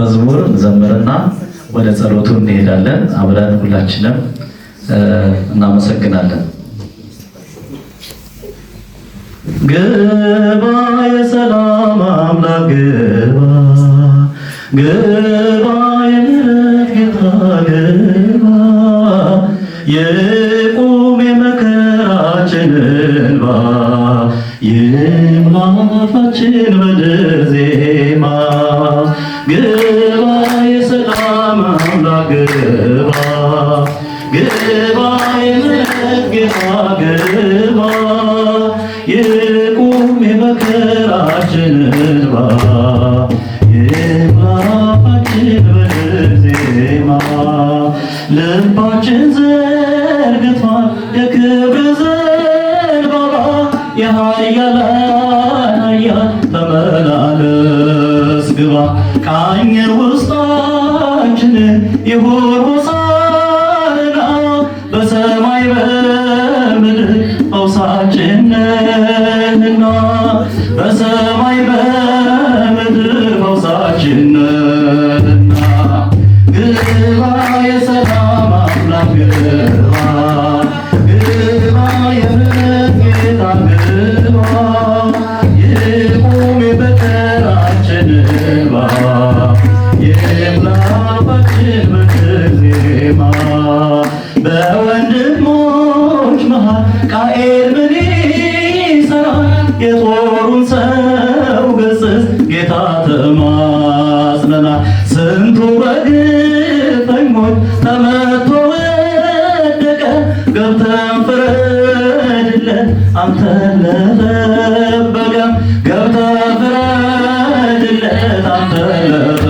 መዝሙር እንዘምርና ወደ ጸሎቱ እንሄዳለን። አብረን ሁላችንም እናመሰግናለን። ግባ የሰላም አምላክ ግባ፣ ግባ የምሕረት ጌታ ግባ፣ ይቁም የመከራችን እንባ፣ ይሙላ ዜማ ግባ የሰላም አምላክ ግባ ግባ የምሕረት ጌታ ግባ ይቁም የመከራችን እንባ የባችን በዜማ ልባችን ዘርግቷል የክብር ዘንባባ የኃያላን ኃያል ተመላለስ ግባ ከአየር ውስጣችን ይሁን ሆሳዕና በሰማይ በምድር ፈውሳችን ነህና በሰማይ በምድር ፈውሳችን ነህና ግባ የሰላም አምላክ የጦሩን ሰው ገስጽ ጌታ ተማጽነናል። ስንቱ በግፈኞች ተመቶ ወደቀ፣ ገብተን ፍረድለን አንተን ለጠበቀ ገብተን ፍረድለን አንተን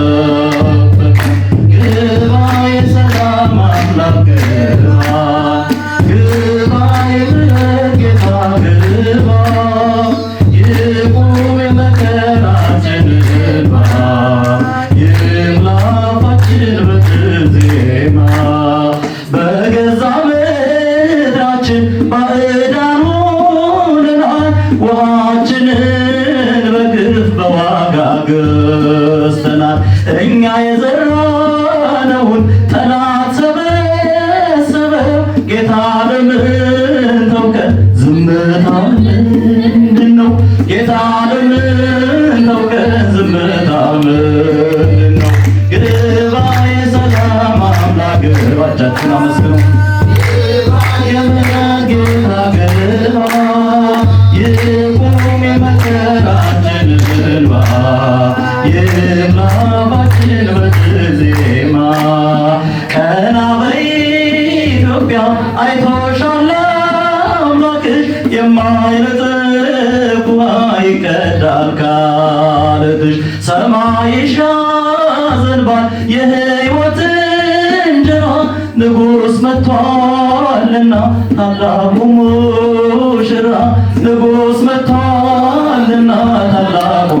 ተበልተናል። እኛ የዘራነውን ጠላት ሰበሰበው። ጌታ ለምን ተውከ? ዝምታ ምንድን ነው? ጌታ ለምን ዝምታ ምንድን ነው? አምላክ ግባቻችን አመስግኑ Yeah. የማይነጥፍ ውሃ ይቀዳል ካለትሽ ሰማይሻ ዘንባል የሕይወት እንጀራ ንጉሥ መጥቷልና ታላቁ ሙሽራ ንጉሥ መጥቷልና ታላቁ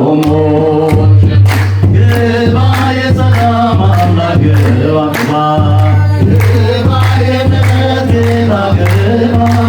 ግባ የሰላም አምላክ ግባ ግባ ግባ